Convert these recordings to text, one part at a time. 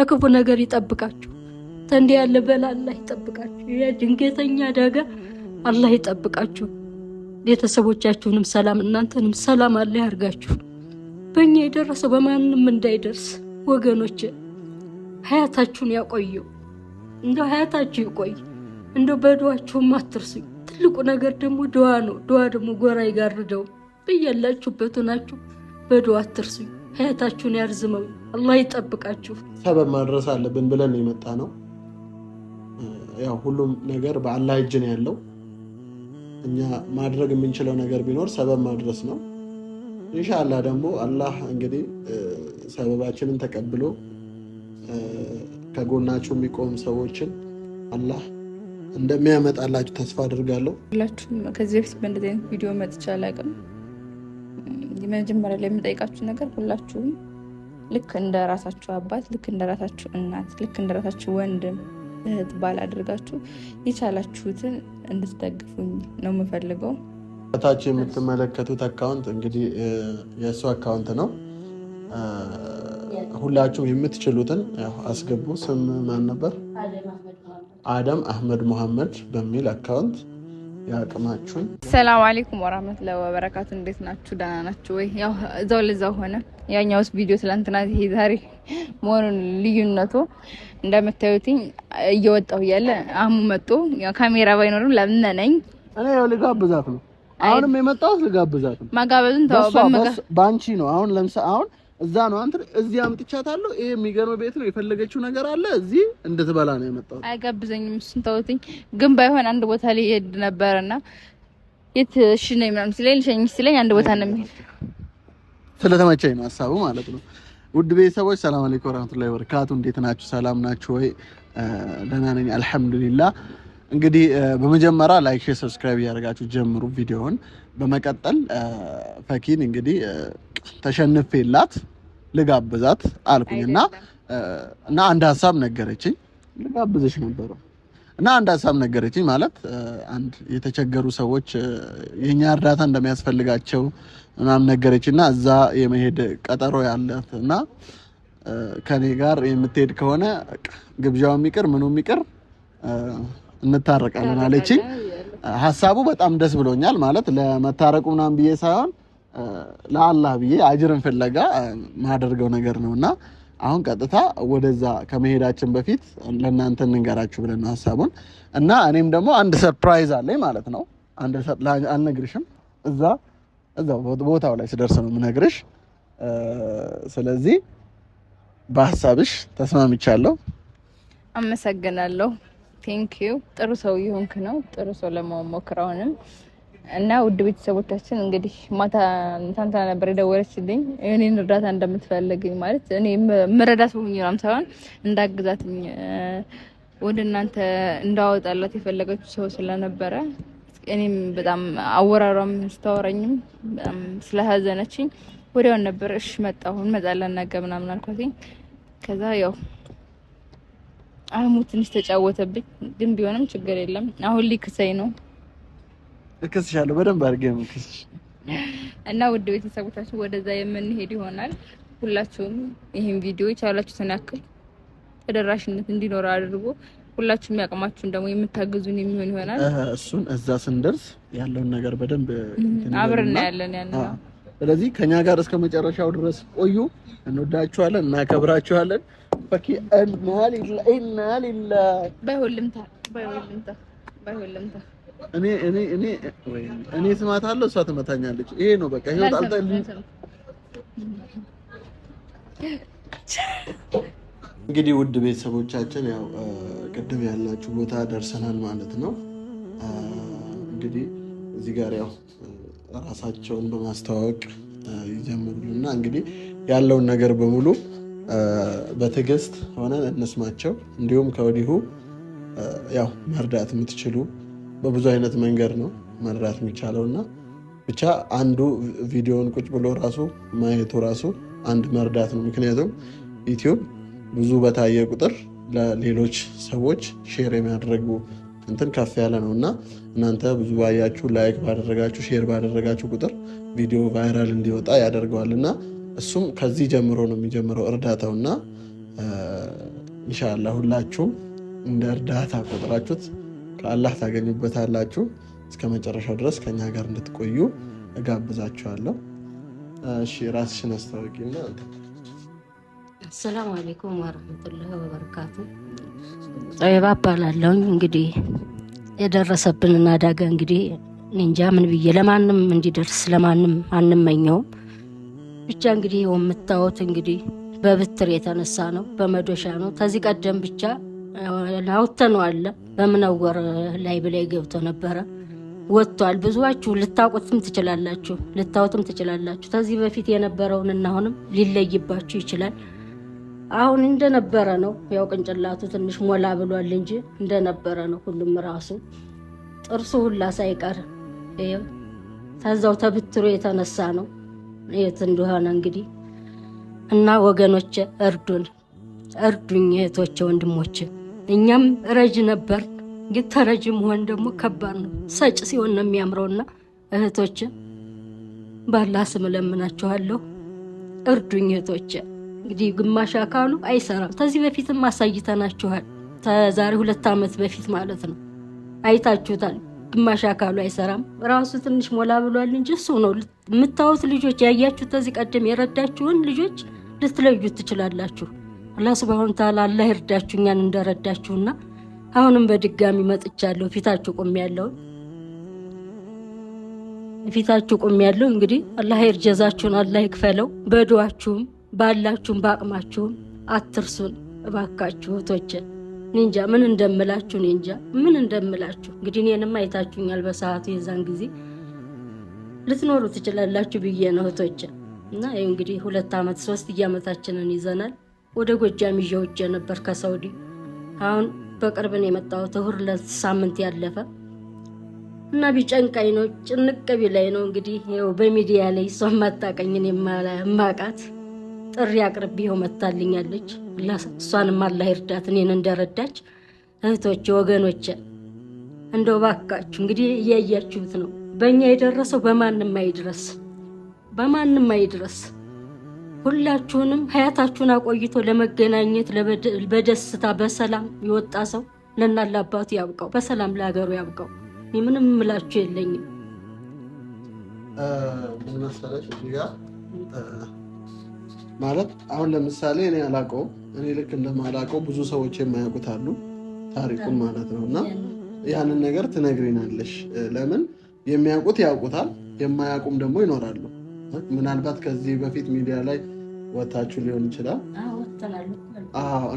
ከክፉ ነገር ይጠብቃችሁ። ተንዲ ያለ በላ አላህ ይጠብቃችሁ። የድንገተኛ አደጋ አላህ ይጠብቃችሁ። ቤተሰቦቻችሁንም ሰላም እናንተንም ሰላም አለ ያርጋችሁ። በእኛ የደረሰው በማንም እንዳይደርስ ወገኖች፣ ሀያታችሁን ያቆየው። እንደ ሀያታችሁ ይቆይ። እንደ በድዋችሁም አትርሱኝ። ትልቁ ነገር ደግሞ ድዋ ነው። ድዋ ደግሞ ጎራ ይጋርደው። በያላችሁበት ሆናችሁ በድዋ አትርሱኝ። ሀያታችሁን ያርዝመው። አላህ ይጠብቃችሁ። ሰበብ ማድረስ አለብን ብለን የመጣ ነው። ያው ሁሉም ነገር በአላህ እጅ ነው ያለው። እኛ ማድረግ የምንችለው ነገር ቢኖር ሰበብ ማድረስ ነው። እንሻላ ደግሞ አላህ እንግዲህ ሰበባችንን ተቀብሎ ከጎናችሁ የሚቆም ሰዎችን አላህ እንደሚያመጣላችሁ ተስፋ አድርጋለሁ። ሁላችሁም ከዚህ በፊት በእንደዚህ አይነት ቪዲዮ መጥቼ አላውቅም። የመጀመሪያ ላይ የምጠይቃችሁ ነገር ሁላችሁም ልክ እንደ ራሳችሁ አባት፣ ልክ እንደ ራሳችሁ እናት፣ ልክ እንደ ራሳችሁ ወንድም እህት፣ ባል አድርጋችሁ የቻላችሁትን እንድትደግፉኝ ነው የምፈልገው። ታች የምትመለከቱት አካውንት እንግዲህ የእሱ አካውንት ነው። ሁላችሁም የምትችሉትን አስገቡ። ስም ማን ነበር? አደም አህመድ ሙሐመድ በሚል አካውንት ያቅማችሁ። ሰላም አሌይኩም ወራህመቱላሂ ወበረካቱ። እንዴት ናችሁ? ደህና ናችሁ ወይ? ያው እዛው ለዛው ሆነ። ያኛውስ ቪዲዮ ትላንትና ይሄ ዛሬ መሆኑን ልዩነቱ እንደምታዩትኝ እየወጣሁ እያለ አሙ መጡ። ያው ካሜራ ባይኖርም ለምነነኝ እኔ ያው ልጋብዛት ነው። አሁንም የመጣሁት ልጋብዛት ነው። ማጋበዝን ተው በአንቺ ነው። አሁን ለምሳ አሁን እዛ ነው አንተ እዚህ አምጥቻታለሁ። ይሄ የሚገርም ቤት ነው። የፈለገችው ነገር አለ እዚህ እንድትበላ ነው የመጣሁት። አይጋብዘኝም እሱን ተውትኝ። ግን ባይሆን አንድ ቦታ ላይ ይሄድ ነበርና የት እሺ ነው ምናምን ሲለኝ ልሸኝ ሲለኝ አንድ ቦታ ነው የሚሄድ። ስለተመቸኝ ነው ሀሳቡ ማለት ነው። ውድ ቤተሰቦች ሰላም አለይኩም ወራህመቱላሂ ወበረካቱ። እንዴት ናችሁ? ሰላም ናችሁ ወይ? ደህና ነኝ አልሐምዱሊላህ። እንግዲህ በመጀመሪያ ላይክ፣ ሼር፣ ሰብስክራይብ እያደረጋችሁ ጀምሩ ቪዲዮውን። በመቀጠል ፈኪን እንግዲህ ተሸንፌላት ልጋብዛት አልኩኝ እና እና አንድ ሀሳብ ነገረችኝ። ልጋብዝሽ ነበረ እና አንድ ሀሳብ ነገረችኝ። ማለት አንድ የተቸገሩ ሰዎች የኛ እርዳታ እንደሚያስፈልጋቸው ምናምን ነገረችኝ እና እዛ የመሄድ ቀጠሮ ያላት እና ከኔ ጋር የምትሄድ ከሆነ ግብዣው የሚቅር ምኑ የሚቅር እንታረቃለን አለችኝ። ሀሳቡ በጣም ደስ ብሎኛል። ማለት ለመታረቁ ምናምን ብዬ ሳይሆን ለአላህ ብዬ አጅርን ፍለጋ ማደርገው ነገር ነው እና አሁን ቀጥታ ወደዛ ከመሄዳችን በፊት ለእናንተ እንንገራችሁ ብለን ሀሳቡን እና እኔም ደግሞ አንድ ሰርፕራይዝ አለኝ ማለት ነው። አልነግርሽም። እዛ እዛ ቦታው ላይ ስደርስ ነው የምነግርሽ። ስለዚህ በሀሳብሽ ተስማምቻለሁ። አመሰግናለሁ። ቴንክ ዩ። ጥሩ ሰው ይሆንክ ነው። ጥሩ ሰው ለመሆን ሞክር አሁንም። እና ውድ ቤተሰቦቻችን እንግዲህ ማታ እንትና ነበር የደወለችልኝ እኔን እርዳታ እንደምትፈልግኝ ማለት እኔ የምረዳት ሆኝራም ሳይሆን እንዳግዛትኝ ወደ እናንተ እንዳወጣላት የፈለገች ሰው ስለነበረ እኔም በጣም አወራሯም ስታወረኝም በጣም ስለሀዘነችኝ ወዲያውን ነበር እሽ መጣሁ እንመጣለን ነገ ምናምን አልኳትኝ። ከዛ ያው አህሙ ትንሽ ተጫወተብኝ፣ ግን ቢሆንም ችግር የለም። አሁን ሊክሰኝ ነው። እክስሻለሁ፣ በደንብ አድርጌ ነው እክስሽ። እና ውድ ቤተሰቦቻችን ወደዛ የምንሄድ ይሆናል። ሁላችሁም ይህን ቪዲዮ የቻላችሁትን ያክል ተደራሽነት እንዲኖር አድርጎ ሁላችሁም ያቅማችሁን ደግሞ የምታግዙን የሚሆን ይሆናል። እሱን እዛ ስንደርስ ያለውን ነገር በደንብ አብረን እናያለን ያን ስለዚህ ከኛ ጋር እስከ መጨረሻው ድረስ ቆዩ። እንወዳችኋለን፣ እናከብራችኋለን። ፈኪ እና ሌላ እኔ እኔ እኔ እኔ ስማታለሁ፣ እሷ ትመታኛለች። ይሄ ነው በቃ ህይወት። አንተ እንግዲህ ውድ ቤተሰቦቻችን ያው ቅድም ያላችሁ ቦታ ደርሰናል ማለት ነው። እንግዲህ እዚህ ጋር ያው ራሳቸውን በማስተዋወቅ ይጀምሩልና እንግዲህ ያለውን ነገር በሙሉ በትዕግስት ሆነን እንስማቸው። እንዲሁም ከወዲሁ ያው መርዳት የምትችሉ በብዙ አይነት መንገድ ነው መርዳት የሚቻለው እና ብቻ አንዱ ቪዲዮውን ቁጭ ብሎ ራሱ ማየቱ ራሱ አንድ መርዳት ነው። ምክንያቱም ዩቲዩብ ብዙ በታየ ቁጥር ለሌሎች ሰዎች ሼር የሚያደርጉ እንትን ከፍ ያለ ነው እና እናንተ ብዙ ባያችሁ፣ ላይክ ባደረጋችሁ፣ ሼር ባደረጋችሁ ቁጥር ቪዲዮ ቫይራል እንዲወጣ ያደርገዋል እና እሱም ከዚህ ጀምሮ ነው የሚጀምረው እርዳታው እና ኢንሻላ ሁላችሁም እንደ እርዳታ ቆጥራችሁት ከአላህ ታገኙበታላችሁ። እስከ መጨረሻው ድረስ ከኛ ጋር እንድትቆዩ እጋብዛችኋለሁ። እሺ ራስሽን አስታወቂና አሰላሙ አሌይኩም ወረህመቱላህ ወበረካቱ። ጠይባ እባላለሁኝ። እንግዲህ የደረሰብንን አደጋ እንግዲህ እንጃ ምን ብዬ ለማንም እንዲደርስ ለማንም አንመኘውም። ብቻ እንግዲህ የምታዩት እንግዲህ በብትር የተነሳ ነው፣ በመዶሻ ነው። ከዚህ ቀደም ብቻ አውጥተነዋል። በምነወር ላይ ብላይ ገብቶ ነበረ ወጥቷል። ብዙዋችሁ ልታውቁትም ትችላላችሁ፣ ልታውትም ትችላላችሁ። ከዚህ በፊት የነበረውን እና ሊለይባችሁ ይችላል። አሁን እንደነበረ ነው። ያው ቅንጭላቱ ትንሽ ሞላ ብሏል እንጂ እንደነበረ ነው። ሁሉም ራሱ ጥርሱ ሁላ ሳይቀር ተዛው ተብትሮ የተነሳ ነው። የት እንደሆነ እንግዲህ እና ወገኖች እርዱን፣ እርዱኝ እህቶቼ፣ ወንድሞች እኛም ረጅ ነበር፣ ግን ተረጅ መሆን ደግሞ ከባድ ነው። ሰጭ ሲሆን ነው የሚያምረውና እህቶች ባላህ ስም እለምናችኋለሁ፣ እርዱኝ እህቶቼ። እንግዲህ ግማሽ አካሉ አይሰራም። ከዚህ በፊትም አሳይተናችኋል። ከዛሬ ሁለት ዓመት በፊት ማለት ነው። አይታችሁታል። ግማሽ አካሉ አይሰራም። ራሱ ትንሽ ሞላ ብሏል እንጂ እሱ ነው የምታዩት። ልጆች ያያችሁት ከዚህ ቀደም የረዳችሁን ልጆች ልትለዩት ትችላላችሁ። አላህ ሱብሃነሁ ተዓላ አላህ ይርዳችሁ እኛን እንደረዳችሁና አሁንም በድጋሚ መጥቻለሁ። ፊታችሁ ቁም ያለው ፊታችሁ ቁም ያለው እንግዲህ አላህ ይርጀዛችሁን አላህ ይክፈለው በዱዋችሁም ባላችሁም በአቅማችሁም አትርሱን እባካችሁ እህቶቼ። እንጃ ምን እንደምላችሁ እንጃ ምን እንደምላችሁ። እንግዲህ እኔንም አይታችሁኛል በሰዓቱ የዛን ጊዜ ልትኖሩ ትችላላችሁ ብዬ ነው እህቶቼ። እና ይኸው እንግዲህ ሁለት ዓመት ሶስት እያመታችንን ይዘናል። ወደ ጎጃም ይዤ ውጭ ነበር ከሰውዲ አሁን በቅርብን የመጣሁት ሁለት ሳምንት ያለፈ እና ቢጨንቃኝ ነው ጭንቅ ቢላይ ነው እንግዲህ ይኸው በሚዲያ ላይ እሷ ማታቀኝን የማቃት ጥሪ አቅርቤ ይኸው መታልኛለች። እሷንም አላህ ይርዳት እኔን እንደረዳች። እህቶቼ ወገኖቼ፣ እንደው ባካችሁ እንግዲህ እያያችሁት ነው። በእኛ የደረሰው በማንም አይድረስ፣ በማንም አይድረስ። ሁላችሁንም ሀያታችሁን አቆይቶ ለመገናኘት በደስታ በሰላም የወጣ ሰው ለእናላ ለአባቱ ያብቃው፣ በሰላም ለሀገሩ ያብቃው። ምንም እምላችሁ የለኝም። ማለት አሁን ለምሳሌ እኔ አላውቀውም። እኔ ልክ እንደማላቀው ብዙ ሰዎች የማያውቁት አሉ ታሪኩን ማለት ነው። እና ያንን ነገር ትነግሪናለሽ። ለምን የሚያውቁት ያውቁታል፣ የማያውቁም ደግሞ ይኖራሉ። ምናልባት ከዚህ በፊት ሚዲያ ላይ ወታችሁ ሊሆን ይችላል።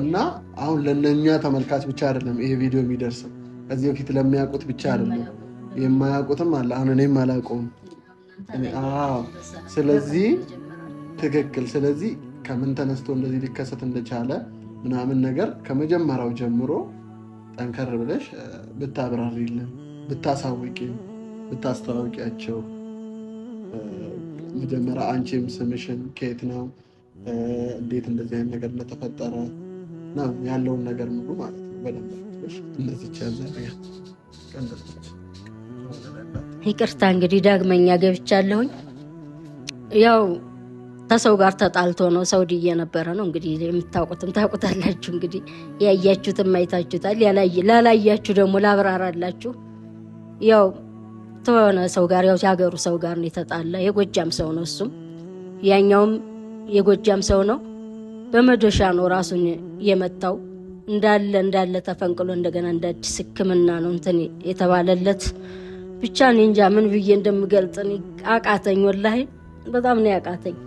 እና አሁን ለነኛ ተመልካች ብቻ አይደለም ይሄ ቪዲዮ የሚደርሰው፣ ከዚህ በፊት ለሚያውቁት ብቻ አይደለም፣ የማያውቁትም አለ። አሁን እኔም አላውቀውም። ስለዚህ ትክክል። ስለዚህ ከምን ተነስቶ እንደዚህ ሊከሰት እንደቻለ ምናምን ነገር ከመጀመሪያው ጀምሮ ጠንከር ብለሽ ብታብራሪልን፣ ብታሳውቂ፣ ብታስተዋውቂያቸው መጀመሪያ አንቺም ስምሽን፣ ከየት ነው፣ እንዴት እንደዚህ አይነት ነገር እንደተፈጠረ ያለውን ነገር ሙሉ ማለት ነው በደንብ ይቅርታ እንግዲህ ዳግመኛ ገብቻለሁኝ ያው ከሰው ጋር ተጣልቶ ነው ሰውዲ የነበረ ነው። እንግዲህ የምታውቁትም ታውቁታላችሁ። እንግዲህ ያያችሁትም አይታችሁታል። ላላያችሁ ደግሞ ላብራራላችሁ። ያው ተሆነ ሰው ጋር ያው የሀገሩ ሰው ጋር ነው የተጣላ። የጎጃም ሰው ነው እሱም፣ ያኛውም የጎጃም ሰው ነው። በመዶሻ ነው ራሱን የመታው። እንዳለ እንዳለ ተፈንቅሎ እንደገና እንደ አዲስ ሕክምና ነው እንትን የተባለለት። ብቻ እኔ እንጃ ምን ብዬ እንደምገልጥን አቃተኝ። ወላሂ በጣም ነው ያቃተኝ።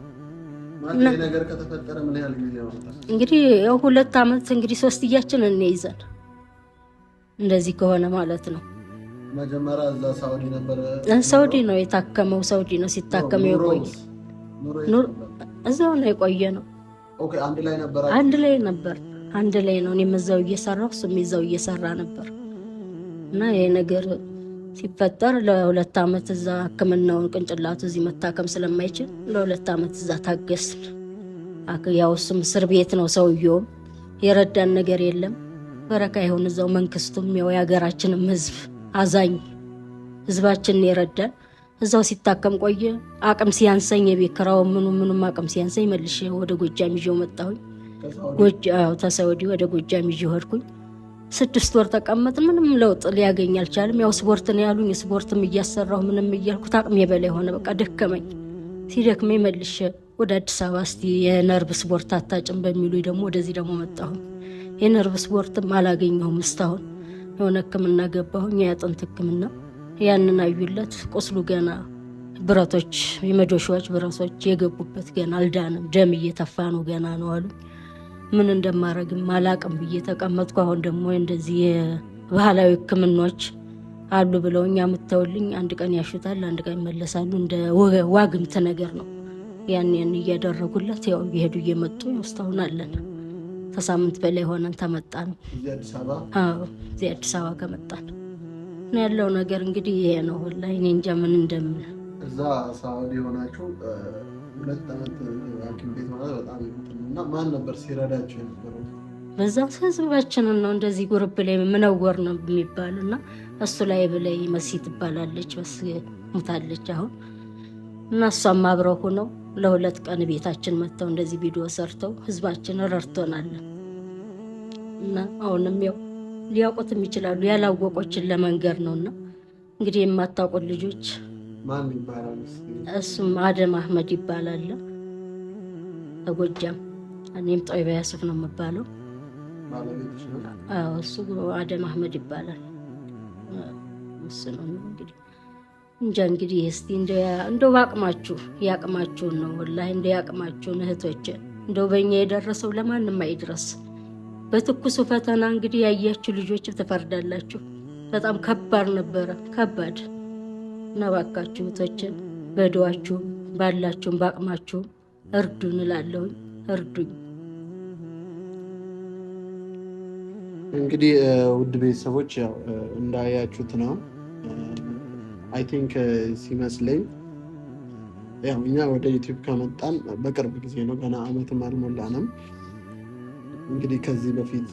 እንግዲህ ያው ሁለት አመት እንግዲህ ሶስትያችን እንይዘን እንደዚህ ከሆነ ማለት ነው። መጀመሪያ እዛ ሳውዲ ነበር። ሳውዲ ነው የታከመው፣ ሳውዲ ነው ሲታከም የቆየ እዛው ነው የቆየ ነው። አንድ ላይ ነበር፣ አንድ ላይ ነው። እኔም እዛው እየሰራሁ እሱም እዛው እየሰራ ነበር እና ይሄ ነገር ሲፈጠር ለሁለት ዓመት እዛ ህክምናውን ቅንጭላቱ እዚህ መታከም ስለማይችል ለሁለት ዓመት እዛ ታገስን። ያው እሱም እስር ቤት ነው ሰውየውም የረዳን ነገር የለም። በረካ ይሁን እዛው መንግስቱም ያው የሀገራችንም ህዝብ አዛኝ ህዝባችንን የረዳን እዛው ሲታከም ቆየ። አቅም ሲያንሰኝ የቤት ምኑ ምኑም አቅም ሲያንሰኝ መልሼ ወደ ጎጃም ይዤው መጣሁኝ። ተሳውዲ ወደ ጎጃም ይዤው ሄድኩኝ። ስድስት ወር ተቀመጥ፣ ምንም ለውጥ ሊያገኝ አልቻልም። ያው ስፖርት ነው ያሉኝ፣ ስፖርትም እያሰራሁ ምንም እያልኩት አቅሜ በላይ ሆነ። በቃ ደከመኝ። ሲደክመኝ መልሼ ወደ አዲስ አበባ እስቲ የነርቭ ስፖርት አታጭም በሚሉ ደግሞ ወደዚህ ደግሞ መጣሁ። የነርቭ ስፖርትም አላገኘሁም እስካሁን። የሆነ ሕክምና ገባሁኝ፣ የአጥንት ሕክምና ያንን አዩለት። ቁስሉ ገና ብረቶች፣ የመዶሻዎች ብረቶች የገቡበት ገና አልዳንም፣ ደም እየተፋ ነው ገና ነው አሉኝ። ምን እንደማረግም አላቅም ብዬ ተቀመጥኩ። አሁን ደግሞ እንደዚህ የባህላዊ ሕክምናዎች አሉ ብለውኝ አምተውልኝ አንድ ቀን ያሹታል፣ አንድ ቀን ይመለሳሉ። እንደ ዋግምት ነገር ነው። ያን ያን እያደረጉለት ያው እየሄዱ እየመጡ እስካሁን አለን። ከሳምንት በላይ ሆነን ተመጣን። እዚህ አዲስ አበባ ከመጣን ነው ያለው ነገር እንግዲህ ይሄ ነው። ወላሂ እኔ እንጃ ምን እንደምን እዛ ሳውዲ ሆናችሁ ሁለት ዓመት ሐኪም ቤት ማለት በጣም እና ማን ነበር ሲረዳቸው የነበረው? በዛ ህዝባችንን ነው እንደዚህ ጉርብ ላይ ምነወር ነው የሚባል እና እሱ ላይ ብላይ መሲ ትባላለች በስ ሙታለች አሁን እና እሷም አብረው ሆነው ለሁለት ቀን ቤታችን መጥተው እንደዚህ ቪዲዮ ሰርተው ህዝባችን ረድቶናለን እና አሁንም ያው ሊያውቁትም ይችላሉ ያላወቆችን ለመንገር ነውና እንግዲህ የማታውቁት ልጆች እሱም አደም አህመድ ይባላል። በጎጃም እኔም ጠይባ ያስፍ ነው የምባለው። እሱ አደም አህመድ ይባላል። እሱ ነው እንግዲህ እንጃ እንግዲህ እስቲ እንደው ባቅማችሁ ያቅማችሁን ነው ወላሂ እንደ ያቅማችሁን እህቶች፣ እንደው በእኛ የደረሰው ለማንም አይድረስ። በትኩሱ ፈተና እንግዲህ ያያችሁ ልጆች ትፈርዳላችሁ። በጣም ከባድ ነበረ፣ ከባድ እባካችሁ እህቶችን በድዋችሁም ባላችሁም በአቅማችሁም እርዱን እላለሁኝ። እርዱኝ። እንግዲህ ውድ ቤተሰቦች እንዳያችሁት ነው። አይ ቲንክ ሲመስለኝ ያው እኛ ወደ ዩቲዩብ ከመጣን በቅርብ ጊዜ ነው፣ ገና አመትም አልሞላንም። እንግዲህ ከዚህ በፊት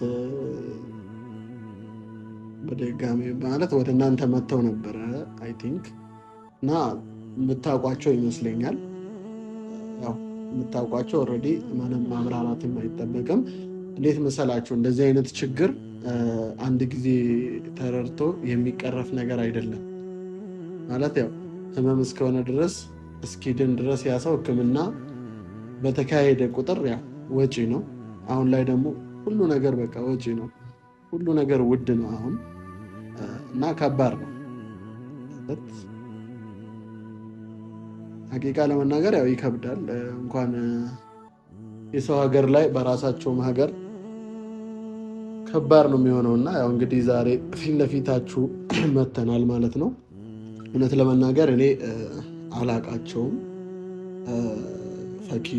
በድጋሚ ማለት ወደ እናንተ መጥተው ነበረ አይ ቲንክ እና የምታውቋቸው ይመስለኛል። ያው የምታውቋቸው ኦልሬዲ ምንም ማምራራትም አይጠበቅም። እንዴት መሰላችሁ እንደዚህ አይነት ችግር አንድ ጊዜ ተረድቶ የሚቀረፍ ነገር አይደለም። ማለት ያው ህመም እስከሆነ ድረስ እስኪድን ድረስ ያሰው ህክምና በተካሄደ ቁጥር ያው ወጪ ነው። አሁን ላይ ደግሞ ሁሉ ነገር በቃ ወጪ ነው። ሁሉ ነገር ውድ ነው አሁን እና ከባድ ነው። ሀቂቃ ለመናገር ያው ይከብዳል። እንኳን የሰው ሀገር ላይ በራሳቸውም ሀገር ከባድ ነው የሚሆነው እና ያው እንግዲህ ዛሬ ፊት ለፊታችሁ መተናል ማለት ነው። እውነት ለመናገር እኔ አላቃቸውም። ፈኪ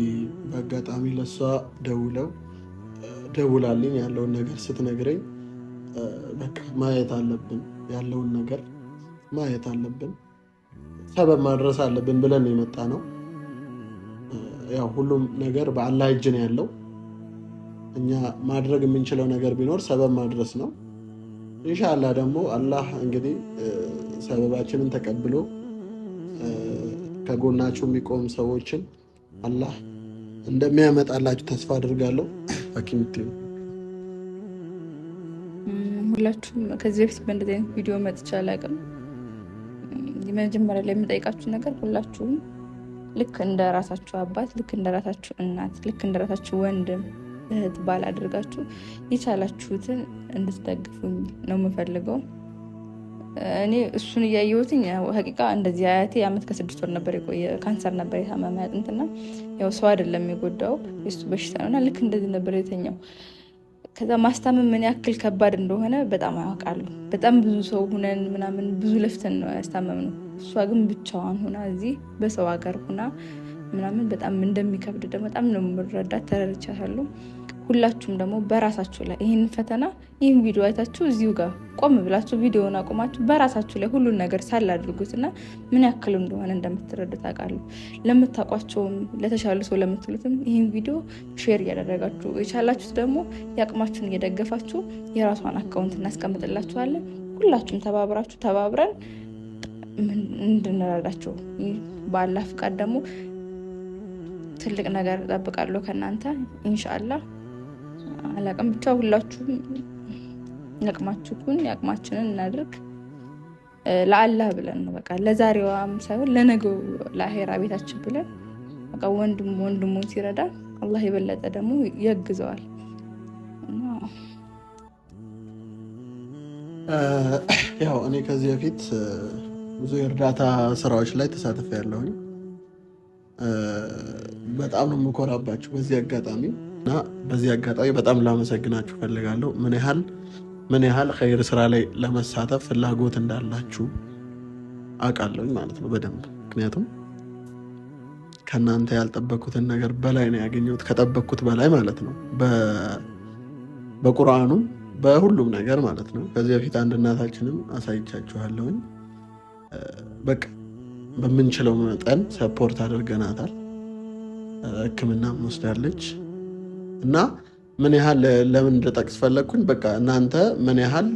በአጋጣሚ ለሷ ደውለው ደውላልኝ ያለውን ነገር ስትነግረኝ በቃ ማየት አለብን ያለውን ነገር ማየት አለብን ሰበብ ማድረስ አለብን ብለን የመጣ ነው። ያው ሁሉም ነገር በአላህ እጅ ነው ያለው። እኛ ማድረግ የምንችለው ነገር ቢኖር ሰበብ ማድረስ ነው። እንሻላ ደግሞ አላህ እንግዲህ ሰበባችንን ተቀብሎ ከጎናችሁ የሚቆም ሰዎችን አላህ እንደሚያመጣላችሁ ተስፋ አድርጋለሁ። ሐኪም ሁላችሁም ከዚህ በፊት በእንደዚህ አይነት ቪዲዮ መጥቼ አላውቅም። መጀመሪያ ላይ የምጠይቃችሁ ነገር ሁላችሁም ልክ እንደ ራሳችሁ አባት፣ ልክ እንደ ራሳችሁ እናት፣ ልክ እንደ ራሳችሁ ወንድም እህት፣ ባል አድርጋችሁ የቻላችሁትን እንድትደግፉኝ ነው የምፈልገው። እኔ እሱን እያየሁትኝ ሀቂቃ እንደዚህ አያቴ አመት ከስድስት ወር ነበር የቆየ ካንሰር ነበር የታመመ አጥንትና፣ ያው ሰው አይደለም የጎዳው የሱ በሽታ ነውና ልክ እንደዚህ ነበር የተኛው። ከዛ ማስታመም ምን ያክል ከባድ እንደሆነ በጣም አያውቃሉ። በጣም ብዙ ሰው ሁነን ምናምን ብዙ ለፍተን ነው ያስታመም ነው እሷ ግን ብቻዋን ሆና እዚህ በሰው ሀገር ሆና ምናምን በጣም እንደሚከብድ ደግሞ በጣም ነው የምረዳት፣ ተረድቻታለሁ። ሁላችሁም ደግሞ በራሳችሁ ላይ ይህን ፈተና ይህን ቪዲዮ አይታችሁ እዚሁ ጋር ቆም ብላችሁ ቪዲዮውን አቁማችሁ በራሳችሁ ላይ ሁሉን ነገር ሳላድርጉት እና ምን ያክል እንደሆነ እንደምትረዱት አውቃለሁ። ለምታውቋቸውም ለተሻሉ ሰው ለምትሉትም ይህን ቪዲዮ ሼር እያደረጋችሁ የቻላችሁት ደግሞ የአቅማችሁን እየደገፋችሁ የራሷን አካውንት እናስቀምጥላችኋለን። ሁላችሁም ተባብራችሁ ተባብረን እንድንረዳቸው በአላህ ፍቃድ ደግሞ ትልቅ ነገር እጠብቃለሁ ከእናንተ እንሻአላ አላቅም ብቻ ሁላችሁም ያቅማችሁን ያቅማችንን እናድርግ። ለአላህ ብለን ነው በቃ ለዛሬዋም ሳይሆን ለነገ ለአሄራ ቤታችን ብለን በቃ ወንድም ወንድሙን ሲረዳ አላህ የበለጠ ደግሞ ያግዘዋል። ያው እኔ ከዚህ በፊት ብዙ የእርዳታ ስራዎች ላይ ተሳተፈ ያለሁኝ በጣም ነው የምኮራባችሁ በዚህ አጋጣሚ እና በዚህ አጋጣሚ በጣም ላመሰግናችሁ ፈልጋለሁ። ምን ያህል ምን ያህል ኸይር ስራ ላይ ለመሳተፍ ፍላጎት እንዳላችሁ አውቃለሁኝ ማለት ነው በደንብ ምክንያቱም ከእናንተ ያልጠበኩትን ነገር በላይ ነው ያገኘሁት፣ ከጠበቅኩት በላይ ማለት ነው። በቁርአኑም በሁሉም ነገር ማለት ነው። ከዚህ በፊት አንድ እናታችንም አሳይቻችኋለሁኝ። በቃ በምንችለው መጠን ሰፖርት አድርገናታል። ሕክምናም ወስዳለች እና ምን ያህል ለምን እንደጠቅስ ፈለግኩኝ፣ በቃ እናንተ ምን ያህል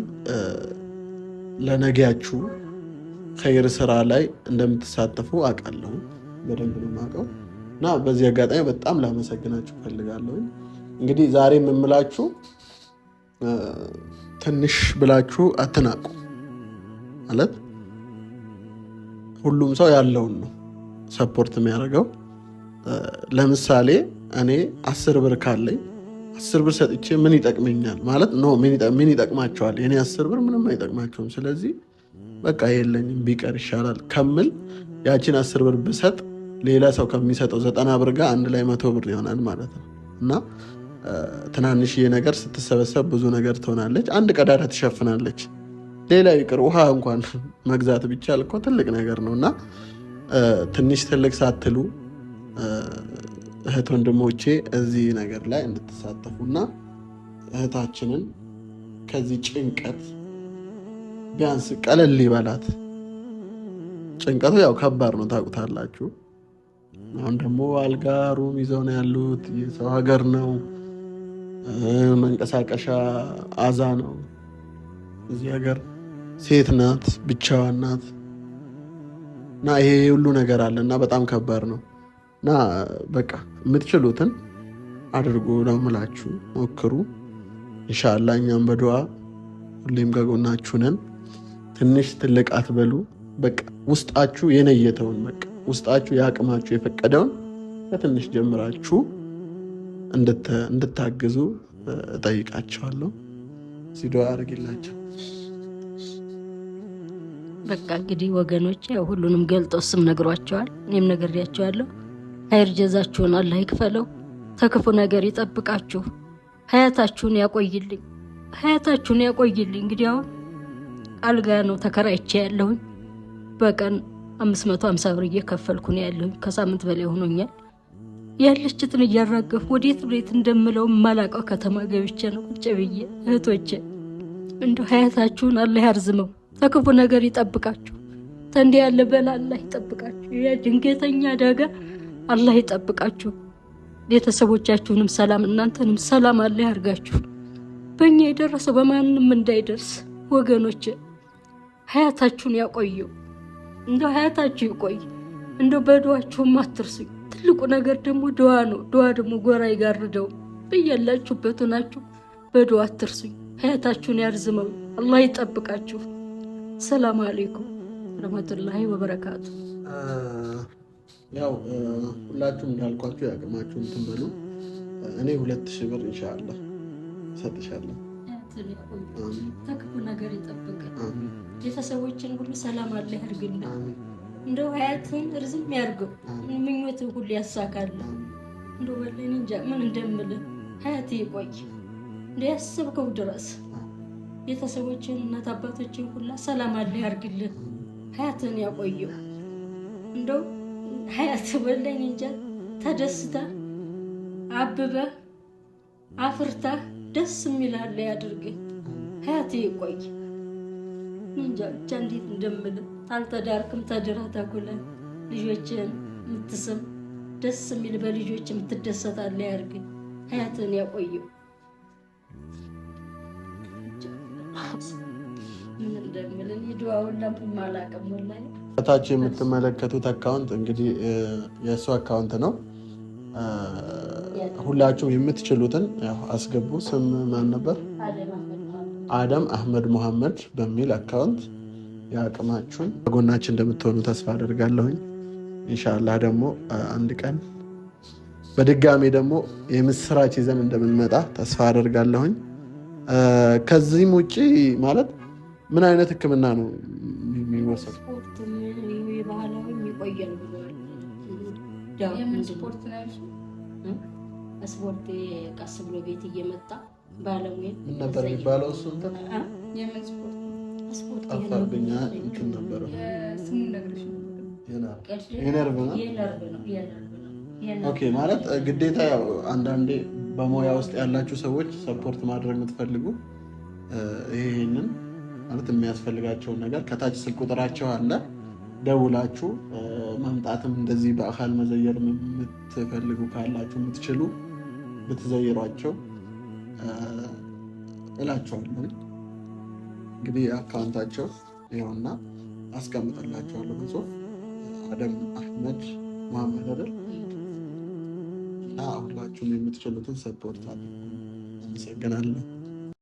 ለነገያችሁ ኸይር ስራ ላይ እንደምትሳተፉ አውቃለሁ፣ በደንብ ነው የማውቀው እና በዚህ አጋጣሚ በጣም ላመሰግናችሁ ፈልጋለሁ። እንግዲህ ዛሬ የምምላችሁ ትንሽ ብላችሁ አትናቁ ማለት ሁሉም ሰው ያለውን ነው ሰፖርት የሚያደርገው። ለምሳሌ እኔ አስር ብር ካለኝ አስር ብር ሰጥቼ ምን ይጠቅመኛል ማለት ኖ ምን ይጠቅማቸዋል? የኔ አስር ብር ምንም አይጠቅማቸውም። ስለዚህ በቃ የለኝም ቢቀር ይሻላል ከምል ያችን አስር ብር ብሰጥ ሌላ ሰው ከሚሰጠው ዘጠና ብር ጋር አንድ ላይ መቶ ብር ይሆናል ማለት ነው። እና ትናንሽዬ ነገር ስትሰበሰብ ብዙ ነገር ትሆናለች። አንድ ቀዳዳ ትሸፍናለች። ሌላ ይቅር ውሃ እንኳን መግዛት ቢቻል እኮ ትልቅ ነገር ነው እና ትንሽ ትልቅ ሳትሉ እህት ወንድሞቼ እዚህ ነገር ላይ እንድትሳተፉ እና እህታችንን ከዚህ ጭንቀት ቢያንስ ቀለል ይበላት። ጭንቀቱ ያው ከባድ ነው ታውቁታላችሁ። አሁን ደግሞ አልጋ ሩም ይዘው ነው ያሉት። የሰው ሀገር ነው፣ መንቀሳቀሻ አዛ ነው እዚህ ሀገር ሴት ናት፣ ብቻዋን ናት እና ይሄ ሁሉ ነገር አለ እና በጣም ከባድ ነው እና በቃ የምትችሉትን አድርጎ ለምላችሁ ሞክሩ። እንሻላ እኛም በድዋ ሁሌም ከጎናችሁ ነን። ትንሽ ትልቅ አትበሉ። በቃ ውስጣችሁ የነየተውን በቃ ውስጣችሁ የአቅማችሁ የፈቀደውን ከትንሽ ጀምራችሁ እንድታግዙ እጠይቃቸዋለሁ። ሲዶ አድርግላቸው። በቃ እንግዲህ ወገኖች ያው ሁሉንም ገልጦ ስም ነግሯቸዋል። እኔም ነግሬያቸዋለሁ። ሀይር ጀዛችሁን አላህ ይክፈለው፣ ተክፉ ነገር ይጠብቃችሁ፣ ሀያታችሁን ያቆይልኝ፣ ሀያታችሁን ያቆይልኝ። እንግዲህ አሁን አልጋ ነው ተከራይቼ ያለሁኝ በቀን አምስት መቶ ሀምሳ ብር እየከፈልኩ ነው ያለሁኝ። ከሳምንት በላይ ሆኖኛል። ያለችትን እያራገፍ ወዴት ወዴት እንደምለው የማላውቀው ከተማ ገብቼ ነው ቁጭ ብዬ እህቶቼ እንዲሁ ሀያታችሁን አላህ ያርዝመው። ከክፉ ነገር ይጠብቃችሁ። ተንዲህ ያለ በላ አላህ ይጠብቃችሁ። የድንገተኛ አደጋ አላህ ይጠብቃችሁ። ቤተሰቦቻችሁንም ሰላም እናንተንም ሰላም አላህ ያርጋችሁ። በእኛ የደረሰው በማንም እንዳይደርስ ወገኖች፣ ሀያታችሁን ያቆየው። እንደው ሀያታችሁ ይቆይ። እንደው በድዋችሁም አትርሱኝ። ትልቁ ነገር ደግሞ ድዋ ነው። ድዋ ደግሞ ጎራ ይጋርደው። ብያላችሁበት ናችሁ በድዋ አትርሱኝ። ሀያታችሁን ያርዝመው። አላህ ይጠብቃችሁ። ሰላም አለይኩም ረመቱላሂ ወበረካቱ። ያው ሁላችሁም እንዳልኳችሁ ያቅማችሁን ትንበሉ። እኔ ሁለት ሺህ ብር ኢንሻአላህ እሰጥሻለሁ። ተክፉ ነገር ይጠብቀን። ቤተሰቦችን ሁሉ ሰላም አለ ያድርግልን። እንደው ሀያትን ርዝም ያድርገው። ምኞት ሁሉ ያሳካልን። እንደው በለን እንጃ ምን እንደምልህ ሀያት ይቆይ እንደ ያሰብከው ድረስ ቤተሰቦችን እናት አባቶችን ሁላ ሰላም አለ ያርግልን፣ ሀያትን ያቆየው። እንደው ሀያት በለኝ እንጃ ተደስታ አብበ አፍርታ ደስ የሚላለ ያድርግ። ሀያት ይቆይ እንጃ ብቻ እንዴት እንደምል አልተዳርክም ተድራ ታኩላ ልጆችን የምትስም ደስ የሚል በልጆች የምትደሰታለ ያርግ። ሀያትን ያቆየው። ታች የምትመለከቱት አካውንት እንግዲህ የእሱ አካውንት ነው። ሁላችሁም የምትችሉትን አስገቡ። ስም ማን ነበር? አደም አህመድ ሙሐመድ በሚል አካውንት የአቅማችሁን በጎናችን እንደምትሆኑ ተስፋ አደርጋለሁኝ። ኢንሻላህ ደግሞ አንድ ቀን በድጋሚ ደግሞ የምስራች ይዘን እንደምንመጣ ተስፋ አደርጋለሁኝ። ከዚህም ውጭ ማለት ምን አይነት ህክምና ነው የሚወሰድ? ስፖርት ቀስ ብሎ ቤት እየመጣ ባለሙያ ነበር የሚባለው እሱ ጠፋብኝ እንትን ነበረ የነርቭ ነው ማለት ግዴታ ያው አንዳንዴ በሙያ ውስጥ ያላችሁ ሰዎች ሰፖርት ማድረግ የምትፈልጉ ይህንን ማለት የሚያስፈልጋቸውን ነገር ከታች ስልክ ቁጥራቸው አለ። ደውላችሁ መምጣትም እንደዚህ በአካል መዘየር የምትፈልጉ ካላችሁ የምትችሉ ብትዘይሯቸው እላቸዋለሁ። እንግዲህ አካውንታቸው ይኸውና አስቀምጥላቸዋለሁ። ብጽሁፍ አደም አህመድ መሐመድ አይደል ሁላችሁም የምትችሉትን ሰፖርት አለ። አመሰግናለሁ።